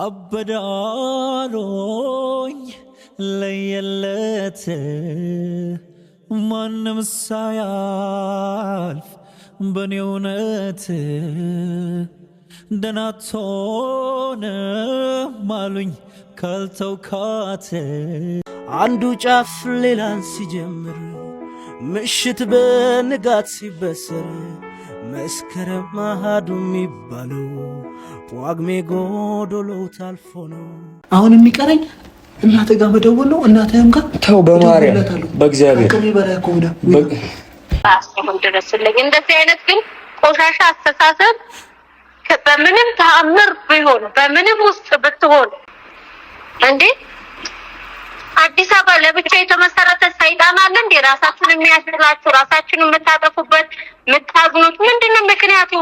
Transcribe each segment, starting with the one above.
አበዳሎኝ ለየለት ማንም ሳያልፍ በኔ እውነት ደናቶንም ካልተው ካልተውካት አንዱ ጫፍ ሌላን ሲጀምር ምሽት በንጋት ሲበስር መስከረም ማሃዱ የሚባለው ጳጉሜ ጎዶሎው ታልፎ ነው። አሁን የሚቀረኝ እናተ ጋር መደወል ነው። እናተም ጋር ተው፣ በማርያም በእግዚአብሔር በላይ ከሆነ አሁን ድረስልኝ። እንደዚህ አይነት ግን ቆሻሻ አስተሳሰብ በምንም ተአምር ቢሆን በምንም ውስጥ ብትሆን እንዴ አዲስ አበባ ለብቻ የተመሰረተ ሳይ ራሳችሁን የሚያስላችሁ ራሳችሁን የምታጠፉበት የምታዝኑት ምንድን ነው ምክንያቱ?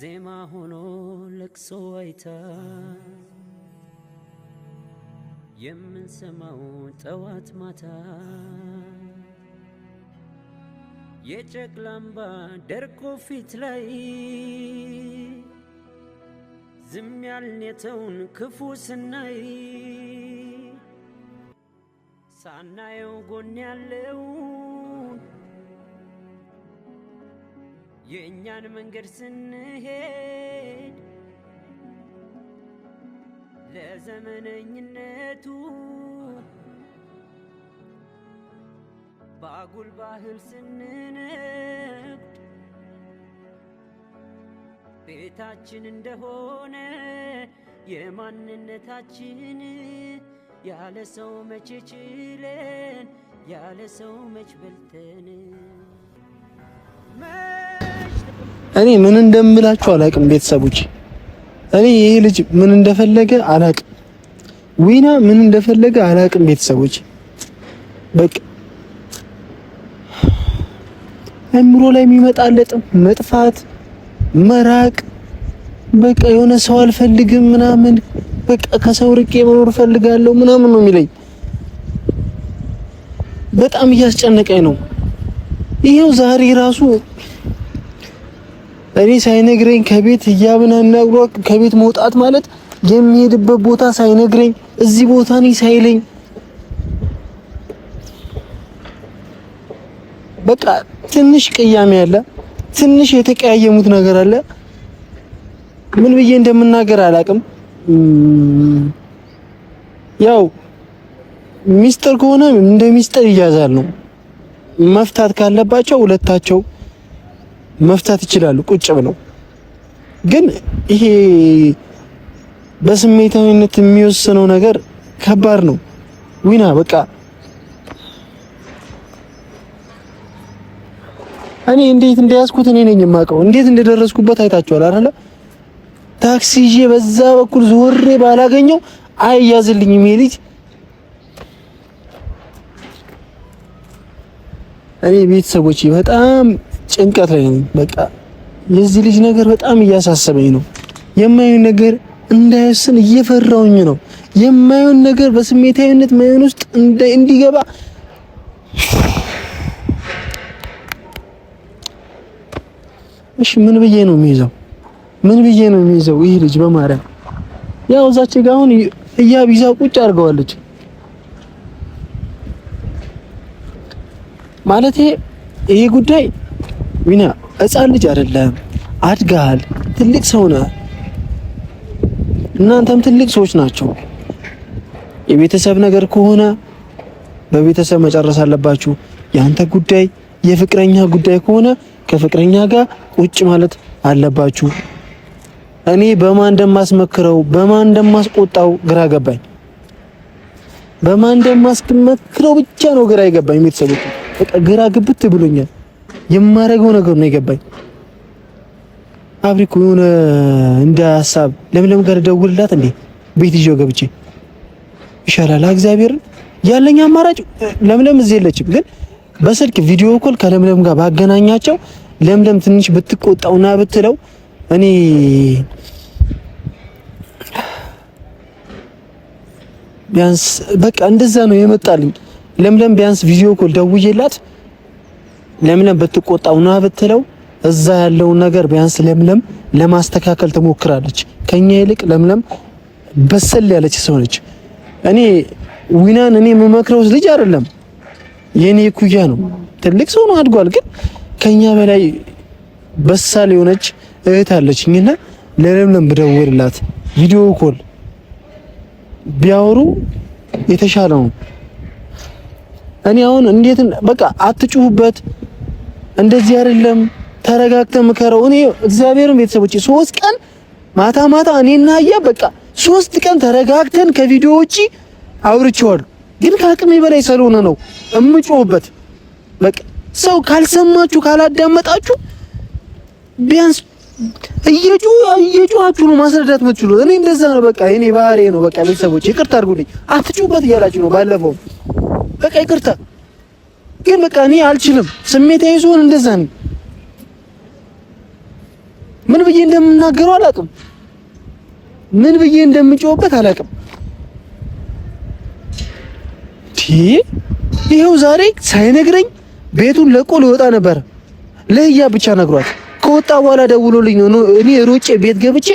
ዜማ ሆኖ ለቅሶ አይታ የምንሰማው ጠዋት ማታ የጨቅላምባ እምባ ደርቆ ፊት ላይ ዝም ያልኔተውን ክፉ ስናይ ሳናየው ጎን ያለውን የእኛን መንገድ ስንሄድ ለዘመነኝነቱ ባጉል ባህል ስንነግድ ቤታችን እንደሆነ የማንነታችን ያለ ሰው መቼ ችለን ያለ ሰው መች በልተን እኔ ምን እንደምላችሁ አላቅም። ቤተሰቦች እኔ ይሄ ልጅ ምን እንደፈለገ አላቅም። ዊና ምን እንደፈለገ አላቅም። ቤተሰቦች በቃ አእምሮ ላይ የሚመጣለጥ መጥፋት መራቅ በቃ የሆነ ሰው አልፈልግም ምናምን በቃ ከሰው ርቄ መኖር ፈልጋለሁ ምናምን ነው የሚለኝ። በጣም እያስጨነቀኝ ነው። ይሄው ዛሬ ራሱ እኔ ሳይነግረኝ ከቤት እያብናናግሮ ከቤት መውጣት ማለት የሚሄድበት ቦታ ሳይነግረኝ እዚህ ቦታ ነኝ ሳይለኝ በቃ ትንሽ ቅያሜ አለ። ትንሽ የተቀያየሙት ነገር አለ። ምን ብዬ እንደምናገር አላውቅም። ያው ሚስጥር ከሆነ እንደ ሚስጥር ይያዛል ነው። መፍታት ካለባቸው ሁለታቸው መፍታት ይችላሉ ቁጭ ብለው። ግን ይሄ በስሜታዊነት የሚወስነው ነገር ከባድ ነው። ዊና በቃ እኔ እንዴት እንደያዝኩት እኔ ነኝ የማውቀው። እንዴት እንደደረስኩበት አይታችኋል አይደለ? ታክሲ ይዤ በዛ በኩል ዞሬ ባላገኘው አይያዝልኝ ይሄ ልጅ። እኔ ቤተሰቦቼ በጣም ጭንቀት ላይ ነኝ። በቃ የዚህ ልጅ ነገር በጣም እያሳሰበኝ ነው። የማይሆን ነገር እንዳይወስን እየፈራውኝ ነው። የማየውን ነገር በስሜታዊነት ማየን ውስጥ እንዲገባ እሺ ምን ብዬ ነው የሚይዘው? ምን ብዬ ነው የሚይዘው? ይህ ልጅ በማርያም ያው እዛች ጋር አሁን ህያብ ይዛ ቁጭ አድርገዋለች። ማለት ይሄ ጉዳይ ዊና ህፃን ልጅ አይደለም፣ አድጋል፣ ትልቅ ሰው ነህ። እናንተም ትልቅ ሰዎች ናቸው። የቤተሰብ ነገር ከሆነ በቤተሰብ መጨረስ አለባችሁ። የአንተ ጉዳይ የፍቅረኛ ጉዳይ ከሆነ ከፍቅረኛ ጋር ቁጭ ማለት አለባችሁ። እኔ በማን እንደማስመክረው በማን እንደማስቆጣው ግራ ገባኝ። በማን እንደማስመክረው ብቻ ነው ግራ የገባኝ። ቤተሰቦች በቃ ግራ ግብት ብሎኛል። የማደርገው ነገር ነው የገባኝ። አብሪኮ የሆነ እንደ ሀሳብ ለምለም ጋር ደውልላት እንዴ ቤት ይዤው ገብቼ ይሻላል። እግዚአብሔር ያለኝ አማራጭ ለምለም እዚህ የለችም ግን በስልክ ቪዲዮ ኮል ከለምለም ጋር ባገናኛቸው ለምለም ትንሽ ብትቆጣውና ብትለው እኔ ቢያንስ በቃ እንደዛ ነው የመጣልኝ። ለምለም ቢያንስ ቪዲዮ ኮል ደውዬላት ለምለም ብትቆጣውና ብትለው እዛ ያለውን ነገር ቢያንስ ለምለም ለማስተካከል ትሞክራለች። ከኛ ይልቅ ለምለም በሰል ያለች ሰው ነች። እኔ ዊናን እኔ የምመክረውስ ልጅ አይደለም የኔ ኩያ ነው። ትልቅ ሰው ነው፣ አድጓል። ግን ከኛ በላይ በሳል የሆነች እህት አለችኝና ለለምለም ብደውልላት ቪዲዮ ኮል ቢያወሩ የተሻለ ነው። እኔ አሁን እንዴት በቃ አትጩሁበት፣ እንደዚህ አይደለም፣ ተረጋግተ ምከረው። እኔ እግዚአብሔርን ቤተሰቦች ሶስት ቀን ማታ ማታ እኔና አያ በቃ ሶስት ቀን ተረጋግተን ከቪዲዮ ውጪ አውርቼዋለሁ። ግን ከአቅሜ በላይ ስለሆነ ነው እምጮህበት። በቃ ሰው ካልሰማችሁ ካላዳመጣችሁ ቢያንስ እየጩ እየጩኋችሁ ነው ማስረዳት የምትችሉ። እኔ እንደዛ ነው በቃ እኔ ባህሪ ነው በቃ። ቤተሰቦች ይቅርታ አድርጉልኝ። አትጩበት እያላችሁ ነው ባለፈው። በቃ ይቅርታ ግን በቃ እኔ አልችልም። ስሜት ስሆን እንደዛ ነው። ምን ብዬ እንደምናገረው አላውቅም። ምን ብዬ እንደምጮህበት አላውቅም። ይኸው ዛሬ ሳይነግረኝ ቤቱን ለቆ ሊወጣ ነበር። ለህያ ብቻ ነግሯት ከወጣ በኋላ ደውሎልኝ ነው እኔ ሮጬ ቤት ገብቼ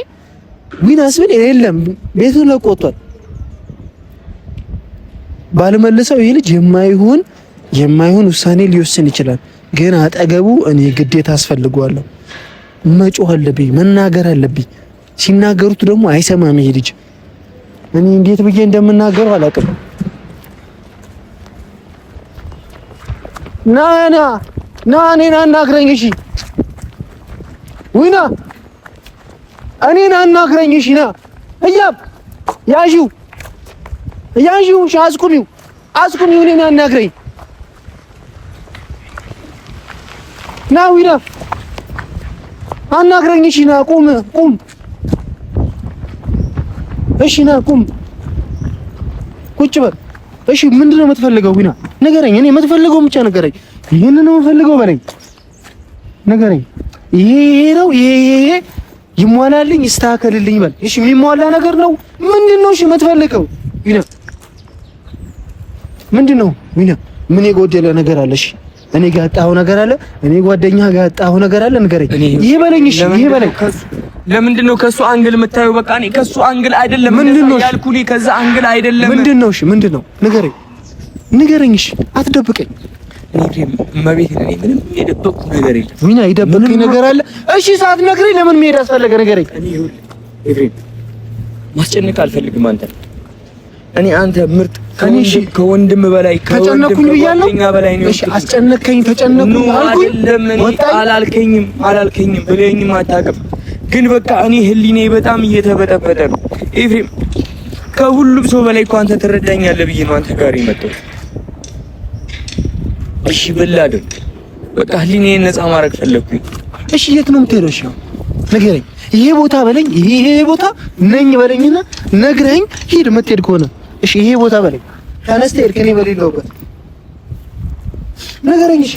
ዊናስ ብል የለም ቤቱን ለቆ ወጥቷል። ባልመልሰው ይህ ልጅ የማይሆን የማይሆን ውሳኔ ሊወስን ይችላል። ግን አጠገቡ እኔ ግዴታ አስፈልገዋለሁ። መጮህ አለብኝ፣ መናገር አለብኝ። ሲናገሩት ደግሞ አይሰማም ይሄ ልጅ። እኔ እንዴት ብዬ እንደምናገረው አላውቅም። ና ና ና እኔን አናግረኝ። እሺ ውይና እኔን አናግረኝ። እሺ ና እያብ ያዢው ያዢው አስቁሚው አስቁሚው እኔን አናግረኝ። ና ውይና አናግረኝ። እሺ ና ቁም ቁም። እሺ ና ቁም ቁጭ በል እሺ ምንድነው የምትፈልገው? ዊና ንገረኝ። እኔ የምትፈልገው ብቻ ንገረኝ። ይሄን ነው የምፈልገው በለኝ፣ ንገረኝ። ይሄ ይሄ ነው ይሄ ይሄ ይሟላልኝ፣ ይስተካከልልኝ በል። እሺ የሚሟላ ነገር ነው ምንድነው እሺ የምትፈልገው ዊና ምንድነው? ዊና ምን የጎደለ ነገር አለ? እሺ እኔ ጋር ያጣኸው ነገር አለ፣ እኔ ጓደኛ ጋር ያጣኸው ነገር አለ። ንገረኝ። ይሄ በለኝ፣ እሺ፣ ይሄ በለኝ። ለምንድን ነው ከሱ አንግል የምታየው? በቃ እኔ ከሱ አንግል አይደለም ያልኩህ፣ ከዛ አንግል አይደለም። ምንድን ነው? እሺ፣ ምንድን ነው? ንገረኝ፣ ንገረኝ። እሺ፣ አትደብቀኝ። መቤት እኔ ምንም የደበቅኩ ነገር የለም። ምን የደበቅኝ ነገር አለ? እሺ፣ ሰዓት ነግረኝ። ለምን መሄድ አስፈለገ? ንገረኝ። ማስጨነቅ አልፈልግም አንተ እኔ አንተ ምርጥ እኔ ከወንድም በላይ ተጨነኩኝ ብያለሁ። እሺ፣ አስጨነከኝ፣ ተጨነኩኝ አልኩኝ። አላልከኝም አላልከኝም ብለኝም አታውቅም። ግን በቃ እኔ ህሊኔ በጣም እየተበጠበጠ ነው ኤፍሬም። ከሁሉም ሰው በላይ እኮ አንተ ትረዳኛለህ ብዬ ነው አንተ ጋር የመጣሁት። እሺ፣ በላደም በቃ ህሊኔ ነፃ ማድረግ ፈለግኩኝ። እሺ፣ የት ነው የምትሄደው? እሺ ንገረኝ። ይሄ ቦታ በለኝ፣ ይሄ ቦታ ነኝ በለኝና ነግረኝ ሂድ፣ የምትሄድ ከሆነ እሺ፣ ይሄ ቦታ በለኝ ተነስተህ ሄድክ፣ እኔ በሌለሁበት ነገረኝ። እሺ፣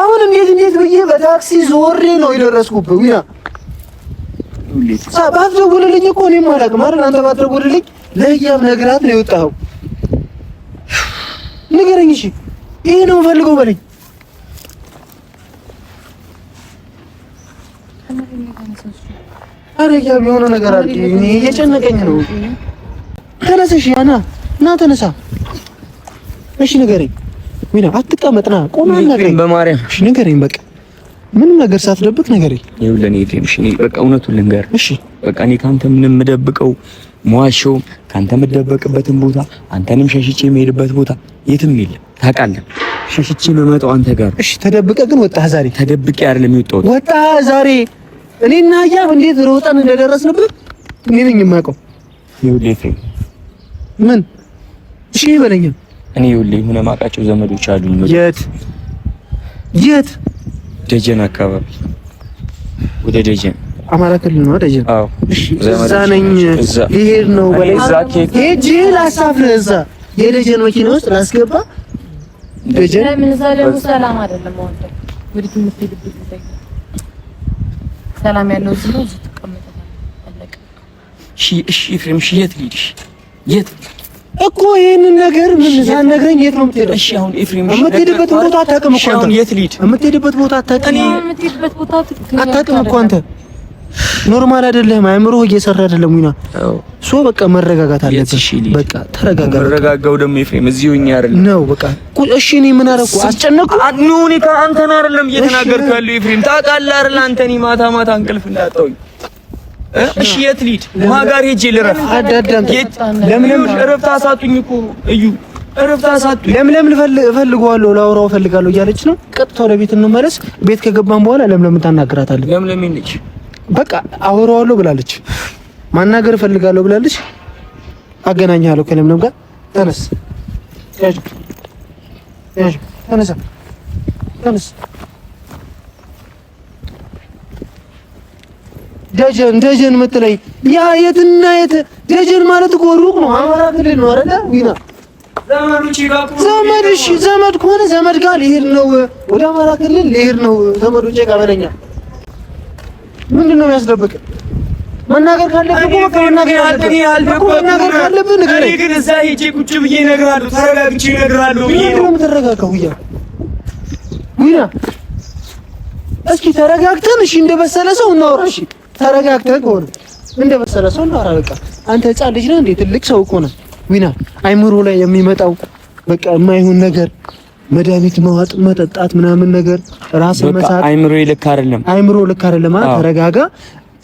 አሁን እንዴት እንዴት ብዬ በታክሲ ዞሬ ነው የደረስኩብህ። ዊና ባትደውልልኝ እኮ እኔም አላውቅም አይደል? አንተ ባትደውልልኝ ለህያብ ነግራት ነው የወጣኸው። ንገረኝ እሺ፣ ይሄ ነው የምፈልገው በለኝ። አረ ህያብ የሆነ ነገር አለ፣ እኔ እየጨነቀኝ ነው ተነሰሽ ያና ና ተነሳ። እሺ ንገረኝ ሚና አትቀመጥና ቆማ ንገረኝ፣ በማርያም እሺ ንገረኝ። በቃ ምንም ነገር ሳትደብቅ ንገረኝ። ይኸውልህ እኔ እሺ በቃ እውነቱን ልንገር እሺ። በቃ እኔ ካንተ ምንም የምደብቀው መዋሸው ካንተ የምደበቅበትን ቦታ አንተንም ሸሽቼ የምሄድበት ቦታ የትም የለም ታውቃለህ። ሸሽቼ የምመጣው አንተ ጋር እሺ። ተደብቀ ግን ወጣህ ዛሬ። ተደብቄ አይደለም የወጣሁት ወጣህ ዛሬ። እኔና ያብ እንዴት ሮጠን እንደደረስንበት እኔ ነኝ የማውቀው። ይኸውልህ ምን? እሺ በለኝ። እኔ ይኸውልህ የሆነ የማውቃቸው ዘመዶች አሉኝ። የት የት? ደጀን አካባቢ ወደ ደጀን አማራ ክልል ነው ደጀን። አዎ እዛ ነኝ። ልሄድ ነው በላይ ሄጄ ላሳፍርህ እዛ የደጀን መኪና ውስጥ ላስገባ። ደጀን ለምን እዛ ደግሞ ሰላም አይደለም። ወንድ ወደ ትምህርት ሰላም ያለው ዝም ነው። ትቀመጣለህ። እሺ እሺ፣ ፍሬም እሺ፣ የት ልሂድ? እሺ የት እኮ ይሄንን ነገር ምን ሳትነግረኝ የት ነው የምትሄደው? እሺ አሁን ኤፍሬም የምትሄድበት ቦታ አታውቅም እኮ አንተ። የት ልሂድ? የምትሄድበት ቦታ አታውቅም እኮ አንተ። ኖርማል አይደለህም። አእምሮህ እየሰራ አይደለም። ዊና ሶ በቃ መረጋጋት አለብህ። በቃ ተረጋጋ። መረጋጋው ደግሞ ኤፍሬም እዚህ ሆኜ አይደለም ነው በቃ። እሺ እኔ ምን አደረኩ? አስጨነቅኩ? አንተን አይደለም እየተናገርኩ ያለው ኤፍሬም። ታውቃለህ አይደል? አንተ እኔ ማታ ማታ እንቅልፍ እንዳጣሁኝ እሺ የት ልሂድ? ውሃ ጋር ሄጄ ልረፍ። ለምለም እረፍት አሳጡኝ እኮ እዩ፣ እረፍት አሳጡኝ። ለምለም እፈልገዋለሁ፣ ላውራው እፈልጋለሁ እያለች ነው። ቀጥታ ወደ ቤት እንመለስ። ቤት ከገባን በኋላ ለምለም ታናግራታለች። ለምለም ይልች በቃ አወራዋለሁ ብላለች፣ ማናገር እፈልጋለሁ ብላለች። አገናኛለሁ ከለምለም ጋር። ተነስ ተነስ ተነስ ደጀን ደጀን የምትለኝ ያ የትና የት ደጀን ማለት እኮ ሩቅ ነው። አማራ ክልል ነው አይደለ? ዊና ዘመድ እሺ፣ ዘመድ ከሆነ ዘመድ ጋር ልሄድ ነው፣ ወደ አማራ ክልል ልሄድ ነው። ዘመዶቼ ጋር በለኛ። ምንድን ነው የሚያስደብቅ? መናገር ካለብህ እኮ መናገር አለብህ እኮ መናገር ካለብህ ንገረኝ። እኔ ግን እዛ ሂጅ ቁጭ ብዬ እነግርሃለሁ፣ ተረጋግቼ እነግርሃለሁ ብዬ ነው የምትረጋጋው። ዊና ዊና፣ እስኪ ተረጋግተን እሺ፣ እንደበሰለ ሰው እናወራ እሺ ተረጋግተህ ከሆነ እንደ መሰለ ሰው ነው። አረ በቃ አንተ ህፃን ልጅ ነህ እንዴ? ትልቅ ሰው እኮ ነህ። ዊና አይምሮ ላይ የሚመጣው በቃ የማይሆን ነገር መድኃኒት መዋጥ፣ መጠጣት ምናምን ነገር ራስ መሳት አይምሮ ልክ አይደለም። አይምሮ ልክ አይደለም። ተረጋጋ።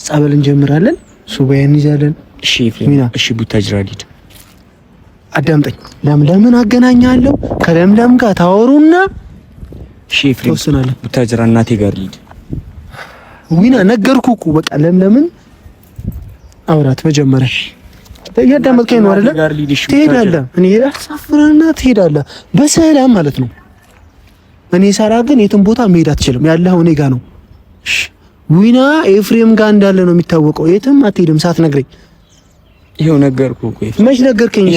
ጸበል እንጀምራለን፣ ሱባኤ እንይዛለን። እሺ ዊና፣ እሺ ቡታጅራ ልሂድ። አዳምጠኝ። ለምለምን አገናኛለሁ። ከለምለም ጋር ታወሩና፣ እሺ ፍሬ፣ ቡታጅራ እናቴ ጋር ልሂድ ዊና ነገርኩ እኮ በቃ ለምለምን አውራት መጀመሪያ እያዳመጥከኝ ነው አይደለ? ትሄዳለህ፣ እኔ ሳፍርና ትሄዳለህ በሰላም ማለት ነው። እኔ ሳራ ግን የትም ቦታ መሄድ አትችልም፣ ያለኸው እኔ ጋ ነው። ዊና ኤፍሬም ጋር እንዳለ ነው የሚታወቀው። የትም አትሄድም ሳትነግረኝ። ይኸው ነገርኩህ እኮ መች ነገርከኝ?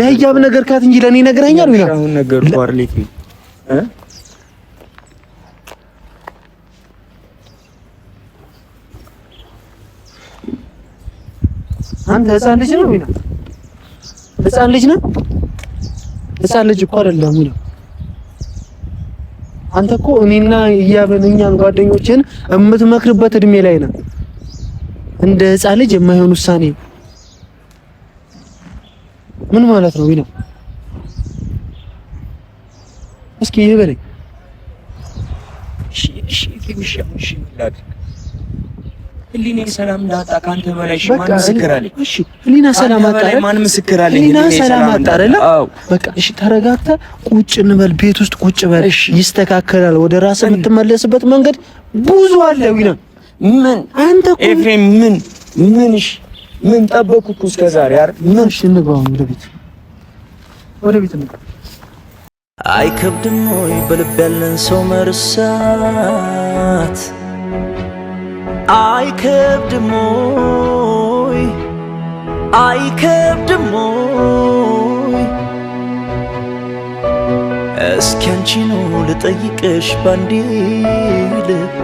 ለህያብ ነገርካት እንጂ ለእኔ ነግረኸኛል። ዊና አንተ ህፃን ልጅ ነው ሚና? ህፃን ልጅ ነው? ህፃን ልጅ እኮ አይደለም ሚና። አንተ እኮ እኔና እያብን እኛን ጓደኞችን የምትመክርበት እድሜ ላይ ነው። እንደ ህፃን ልጅ የማይሆን ውሳኔ ምን ማለት ነው ሚና? እስኪ ይበለኝ። እሺ እሺ ህሊና ሰላም ላጣ ከአንተ በላይ ህሊና ሰላም አጣ ማን አዎ በቃ እሺ፣ ተረጋግተህ ቁጭ እንበል፣ ቤት ውስጥ ቁጭ በል፣ ይስተካከላል። ወደ ራስህ የምትመለስበት መንገድ ብዙ አለ። ዊና ምን አንተ ኤፍሬም ምን ምን እሺ ምን ጠበቅኩ እኮ እስከ ዛሬ አይደል? ምን እሺ፣ እንግባ ወደ ቤት ወደ ቤት እንግባ። አይከብድም ወይ በልብ ያለን ሰው መርሳት አይከብድም ወይ አይከብድም ወይ እስኪ አንቺኑ ልጠይቅሽ ባንዴ ልብ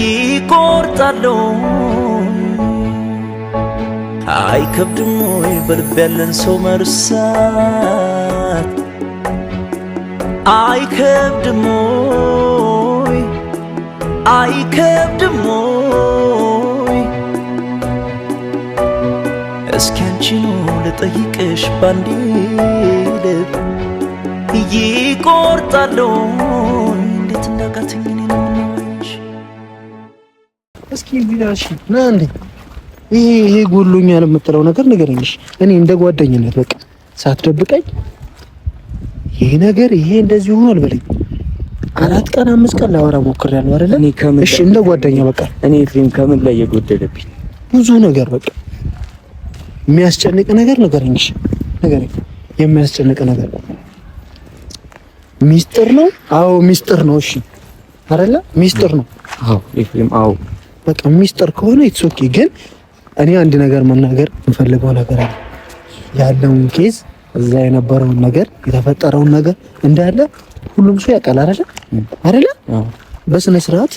ይቆርጣለሁ አይከብድም ወይ በልብ ያለን ሰው መርሳት አይከብድም ወይ አይከብድም ወይ? እስኪ አንቺኑ ልጠይቅሽ ባንዴ ልብ ይቆርጣለሁ እንዴት እንዳቃተኝ እኔ ነው የምንወያይሽ። እስኪ ቢላሽ ና እንዴ ይሄ ይሄ ጎሎኛል የምትለው ነገር እኔ እንደ ጓደኝነት በቃ ሳትደብቀኝ ይሄ ነገር ይሄ እንደዚህ ሆኗል በለኝ። አራት ቀን አምስት ቀን ላወራ ሞክሬያለሁ አይደለ? እኔ እሺ እንደ ጓደኛ በቃ እኔ ኤፍሬም ከምን ላይ የጎደለብኝ ብዙ ነገር በቃ የሚያስጨንቅ ነገር ንገረኝ፣ እሺ ንገረኝ። የሚያስጨንቅ ነገር ሚስጥር ነው? አዎ ሚስጥር ነው። እሺ አይደለ? ሚስጥር ነው። አዎ ኤፍሬም፣ አዎ በቃ ሚስጥር ከሆነ ኢትስ ኦኬ። ግን እኔ አንድ ነገር መናገር የምፈልገው ነገር አለ። ያለውን ኬዝ እዛ የነበረውን ነገር የተፈጠረውን ነገር እንዳለ ሁሉም ሰው ያውቃል አይደለ? አይደለ? በስነ ስርዓት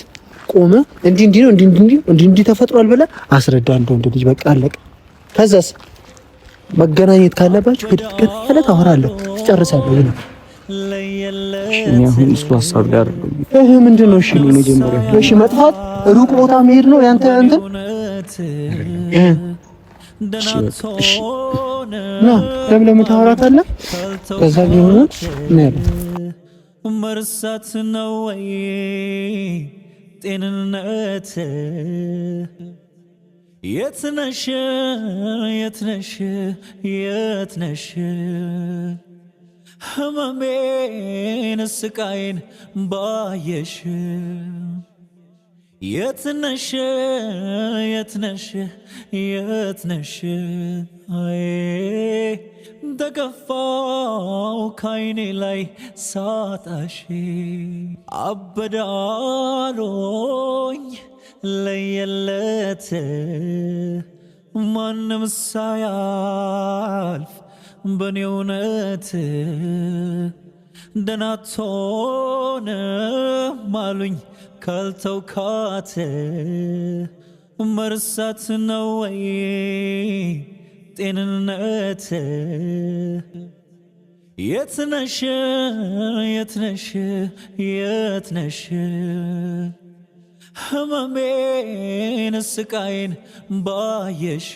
ቆመ። እንዲ እንዲ ነው እንዲ እንዲ እንዲ እንዲ ተፈጥሯል ብለህ አስረዳ። እንደው እንደ ልጅ በቃ አለቀ። ከዛስ መገናኘት ካለባችሁ ሄደህ ከተፈለ ታወራለህ፣ ትጨርሳለህ። ይሄ ነው እሱ ሀሳብ ጋር እህ ምንድን ነው? እሺ ነው መጀመሪያ እሺ፣ መጥፋት ሩቅ ቦታ መሄድ ነው ያንተ እንትን ና ለምለም ታወራታለህ። ከዛ ቢሆን ነው መርሳት ነው ወይ ጤንነት? የትነሽ የትነሽ የትነሽ ህመሜን ስቃይን ባየሽ የትነሽ የትነሽ የትነሽ ተገፋው ካይኔ ላይ ሳጣሽ አበዳሎኝ ለየለት ማንም ሳያልፍ በኔ እውነት ደናቶነ ማሉኝ ካልተውካት መርሳት ነው ወይ ጤንነት? የትነሽ የትነሽ የትነሽ ህመሜን ስቃይን ባየሽ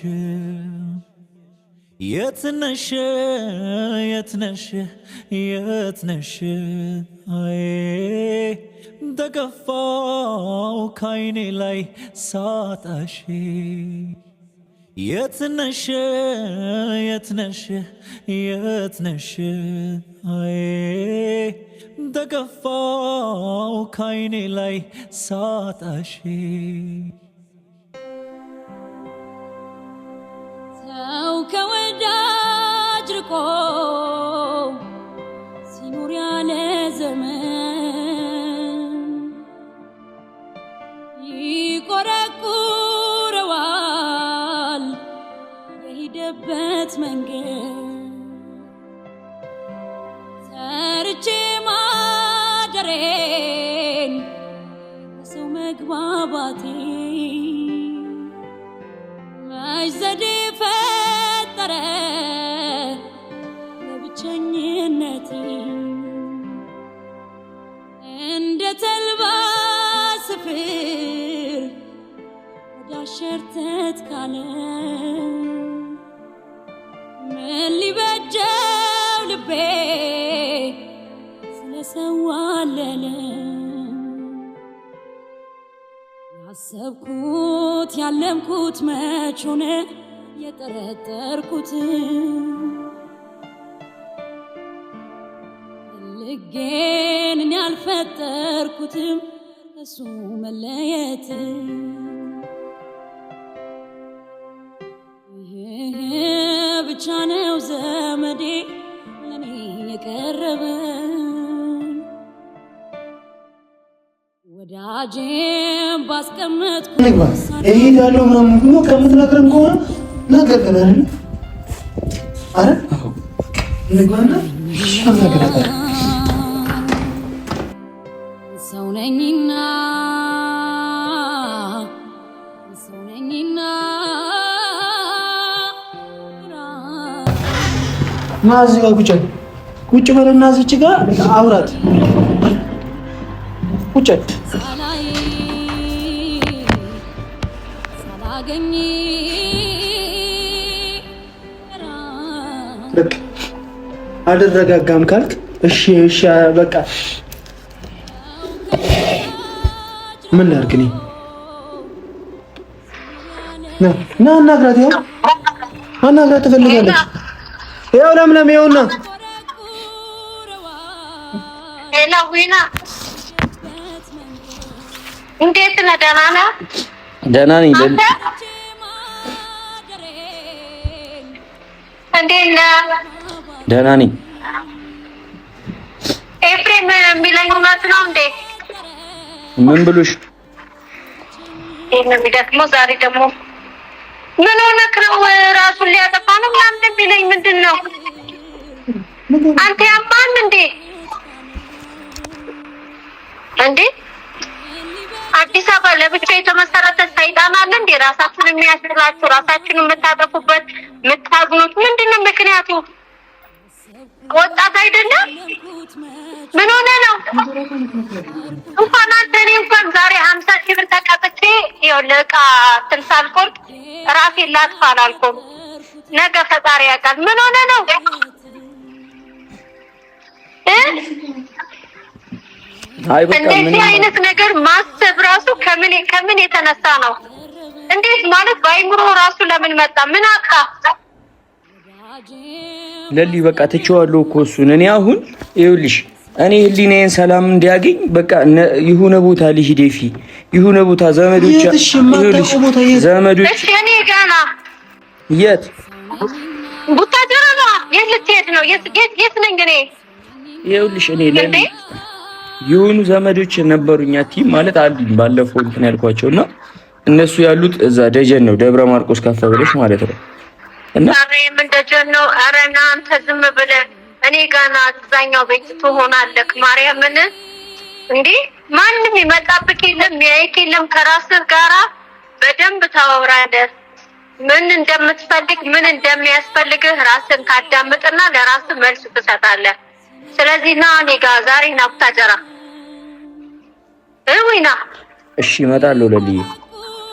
የትነሽ የትነሽ የትነሽ ተገፋው ካይኔ ላይ ሳጣሽ የትነሽ የትነሽ የትነሽ ተገፋው ካይኔ ላይ ሳጣሽ ምን ሊበጀው ልቤ ስለሰዋለለ ያሰብኩት ያለምኩት መች ሆነ የጠረጠርኩት ልጌን አልፈጠርኩትም እሱ መለየት ብቻ ነው ዘመዴ ለኔ የቀረበ ወዳጄም ባስቀመጥኩ ምናምን ከምትነግረን ከሆነ አይደል? አረ ንግባና ሰው ነኝና ና እዚህ ጋር ቁጭ ቁጭ በልና እዚች ጋር አውራት ቁጭ አልረጋጋም ካልክ እሺ እሺ በቃ ምን ላድርግ እኔ ና እና አናግራት ያው አናግራት ትፈልጋለች ያው ለምለም ይኸውና ሄላ ወይና እንዴት ነህ? ደህና ነህ? ደህና ነኝ። እንዴት ነህ? ደህና ነኝ። ኤፍሬም የሚለኝ እውነት ነው እንዴ? ምን ብሉሽ? ይሄን የሚደክመው ዛሬ ደግሞ ምን ሆነክ ነው? ራሱን ሊያጠፋ ነው ምናምን የሚለኝ ምንድን ነው? አንተ ያማን እንዴ? እንዴ አዲስ አበባ ለብቻ የተመሰረተ ሰይጣን አለ እንዴ? ራሳችሁን የሚያስላችሁ ራሳችሁን የምታጠፉበት የምታዝኑት ምንድን ነው ምክንያቱ? ወጣት አይደለም? ምን ሆነ ነው? እንኳን አንተ እኔ እንኳን ዛሬ ሀምሳ ሺህ ብር ተቀጥቼ ለእቃ እንትን ሳልቆርጥ ራሴን ላጥፋ አላልኩም። ነገ ፈጣሪ ያውቃል። ምን ሆነ ነው? እንደዚህ አይነት ነገር ማሰብ ራሱ ከምን ከምን የተነሳ ነው? እንዴት ማለት በአይምሮ ራሱ ለምን መጣ? ምን አጣ? ለሊ በቃ ትቼዋለሁ እኮ እሱን። እኔ አሁን ይኸውልሽ እኔ ህሊናዬን ሰላም እንዲያገኝ በቃ የሆነ ቦታ ልሂድ፣ ፊ የሆነ ቦታ ዘመዶች ዘመዶች የት ቦታ ደረባ የት ልትሄድ ነው? የት ነኝ እኔ? ይኸውልሽ እኔ ለሊ የሆኑ ዘመዶች ነበሩኛ ቲ ማለት አንድ ባለፈው እንትን ያልኳቸውና እነሱ ያሉት እዛ ደጀን ነው፣ ደብረ ማርቆስ ከፍ ብለሽ ማለት ነው ምንደጀን ነው? ኧረ እናንተ ዝም ብለን እኔ ጋና አብዛኛው ቤት ትሆናለህ። ማርያምን እንዴ ማንም ይመጣብክ የለም ያይክ የለም። ከራስህ ጋራ በደንብ ታወራለህ። ምን እንደምትፈልግ ምን እንደሚያስፈልግህ ራስን ታዳምጥና ለራስህ መልስ ትሰጣለህ። ስለዚህ ና እኔ ጋ ዛሬ ና ቡታጀራ እሺ፣ እመጣለሁ። ለልዬ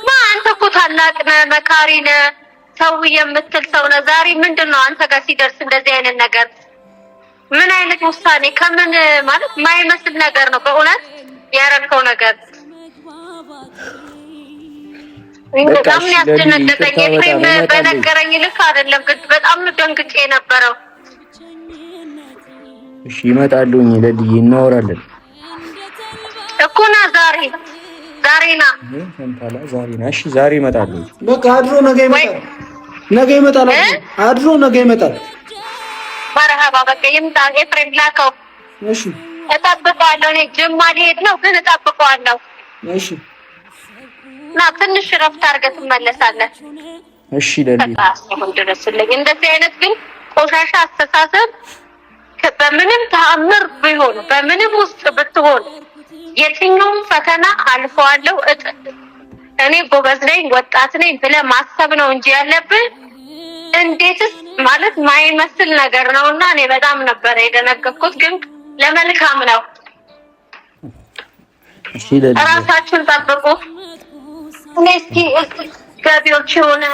ማ አንተ እኮ ታላቅ ነህ፣ መካሪ ነህ ሰው የምትል ሰው ነው። ዛሬ ምንድን ነው አንተ ጋር ሲደርስ እንደዚህ አይነት ነገር? ምን አይነት ውሳኔ ከምን ማለት ማይመስል ነገር ነው በእውነት ያረከው ነገር በጣም ያስደነገጠኝ ፍሬም በነገረኝ ልክ አይደለም። ግን በጣም ደንግጬ የነበረው እሺ፣ ይመጣሉኝ ለልዬ እናወራለን እኮ ና ዛሬ ዛሬና ዛሬና እሺ፣ ዛሬ ይመጣል። በቃ አድሮ ነገ ይመጣል። ነገ ይመጣል። አድሮ ነገ ይመጣል። መርሀባ በቃ ይምጣ። ኤፍሬም ላከው። እሺ፣ እጠብቀዋለሁ። እኔ ጅማ ሊሄድ ነው ግን እጠብቀዋለሁ። እሺ፣ ና ትንሽ ረፍት አድርገህ ትመለሳለህ። እሺ፣ ለሊ ድረስልኝ። እንደዚህ አይነት ግን ቆሻሻ አስተሳሰብ በምንም ተአምር ቢሆን በምንም ውስጥ ብትሆን የትኛውም ፈተና አልፈዋለሁ እጥ እኔ ጎበዝ ነኝ ወጣት ነኝ ብለ ማሰብ ነው እንጂ ያለብን እንዴትስ ማለት ማይመስል ነገር ነው። እና እኔ በጣም ነበረ የደነገኩት፣ ግን ለመልካም ነው። እራሳችሁን ጠብቁ። እስኪ ገቢዎች የሆነ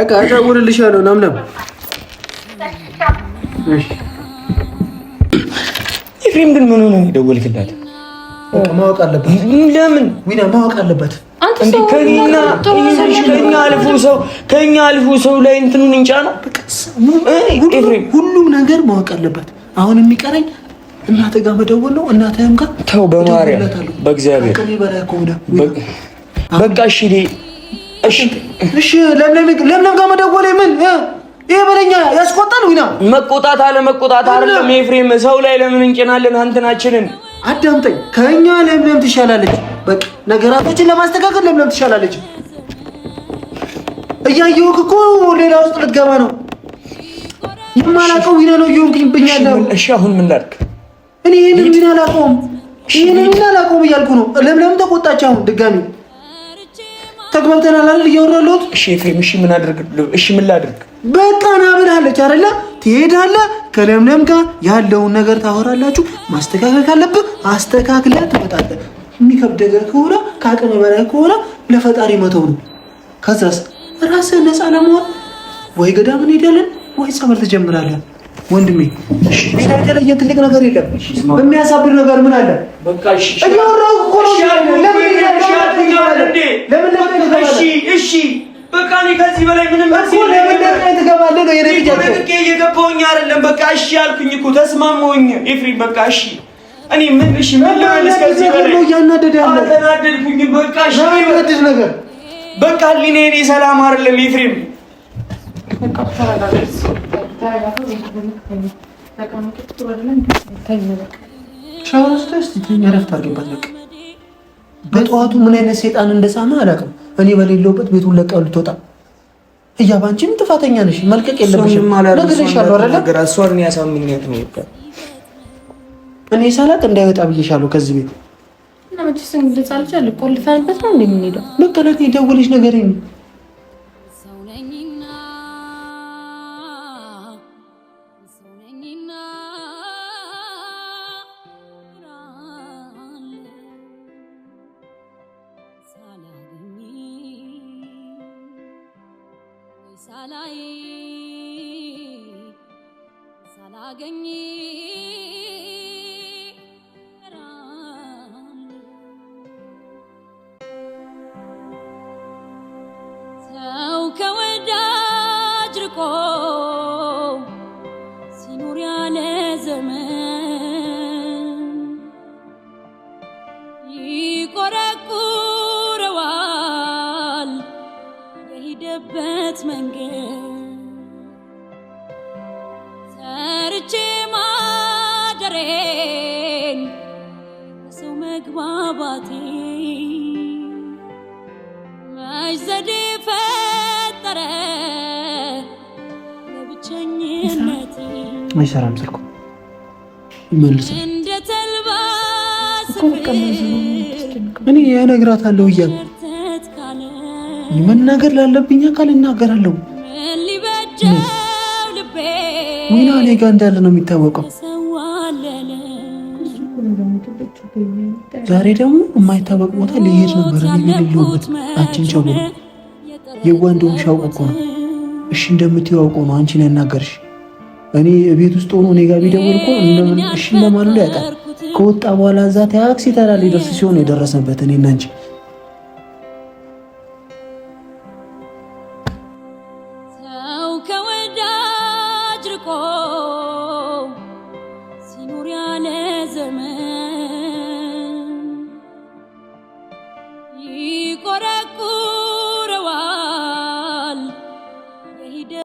አቃ አቃ ውርልሻ ነው ናምናም ኤፍሬም ግን ምን ሆነ የደወልክላት? ማወቅ አለበት። ለምን ዊና ማወቅ አለበት። ከኛ አልፎ ሰው ከኛ አልፎ ሰው ላይ እንትኑን እንጫ ነው። ሁሉም ነገር ማወቅ አለበት። አሁን የሚቀረኝ እናተ ጋር መደወል ነው። እናተም ጋር ተው፣ በማርያም በእግዚአብሔር በቃ እሺ፣ እሺ ለምለም ጋር መደወል ምን ይሄ በለኛ ያስቆጣል። ዊና መቆጣት አለ መቆጣት አይደለም ኤፍሬም፣ ሰው ላይ ለምን እንጭናለን? አንተናችንን አዳምጠኝ። ከኛ ለምለም ትሻላለች። በቃ ነገራቶችን ለማስተካከል ለምለም ትሻላለች። እያየሁህ እኮ ሌላ ውስጥ ልትገባ ነው። የማላውቀው ዊና ነው እየሆንክብኝ ያለው። እሺ አሁን ምን ላድርግ እኔ? ይሄንን ዊና አላውቀውም፣ ይሄንን ዊና አላውቀውም እያልኩ ነው። ለምለም ተቆጣች። አሁን ድጋሚ ተግባብተናል አይደል? እያወራለሁት። እሺ ኤፍሬም፣ እሺ ምን አድርግ? እሺ ምን ላድርግ? በቃ ና ብላለች አይደለ? ትሄዳለህ፣ ከለምለም ጋር ያለውን ነገር ታወራላችሁ። ማስተካከል ካለብህ አስተካክለህ ትመጣለህ። የሚከብድ ነገር ከሆነ ከአቅም በላይ ከሆነ ለፈጣሪ መተው ነው። ከዛስ ራስህ ነፃ ለመሆን ወይ ገዳም እንሄዳለን ወይ ጸበል ትጀምራለን። ወንድሜ ቤት አይተለየን። ትልቅ ነገር የለም። በሚያሳብር ነገር ምን አለ? በቃ እሺ፣ እያወራሁ እኮ ነው። እሺ በቃ ከዚህ በላይ ምንም ነው ለምን የኔ ልጅ እየገባሁኝ አይደለም። በቃ እሺ አልኩኝ እኮ ተስማማሁኝ። ኤፍሬም በቃ እሺ እኔ ምን እሺ ምን ልመለስ? ከዚህ በላይ እያናደደ አልተናደድኩኝም። በቃ እሺ ነገር በቃ ሊኔ ሰላም አይደለም ኤፍሬም ሻወር ውስጥ እስኪ ረፍት አድርጌበት በቃ በጠዋቱ ምን አይነት ሴጣን እንደሳመ አላውቅም። እኔ በሌለውበት ቤቱን ለቃ ልትወጣ ህያብ አንቺም ጥፋተኛ ነሽ፣ መልቀቅ የለብሽም። እኔ ሳላት እንዳይወጣ ብዬሻለሁ ከዚህ ቤት። ልቆልፈንበት ነው እንደምንሄደው። በቃ ለእኔ ደውለሽ ነገሬ ነው አይሰራም ስልኩ ይመልሳል እኔ እነግራታለሁ እያሉ መናገር ላለብኝ አካል እናገራለሁ። ሚና እኔ ጋ እንዳለ ነው የሚታወቀው። ዛሬ ደግሞ የማይታወቅ ቦታ ሊሄድ ነበር ሌለበት አንቺን ቸጉ የጓንዶም ሻውቅ እኮ ነው። እሺ እንደምትዋውቀው ነው አንቺን ያናገርሽ እኔ ቤት ውስጥ ሆኖ እኔ ጋር ቢደውል እኮ እንደምን እሺ ለማለት ያውቃል። ከወጣ በኋላ እዛ ታክሲ ተራ ሊደርስ ሲሆን የደረሰበት እኔና እንጂ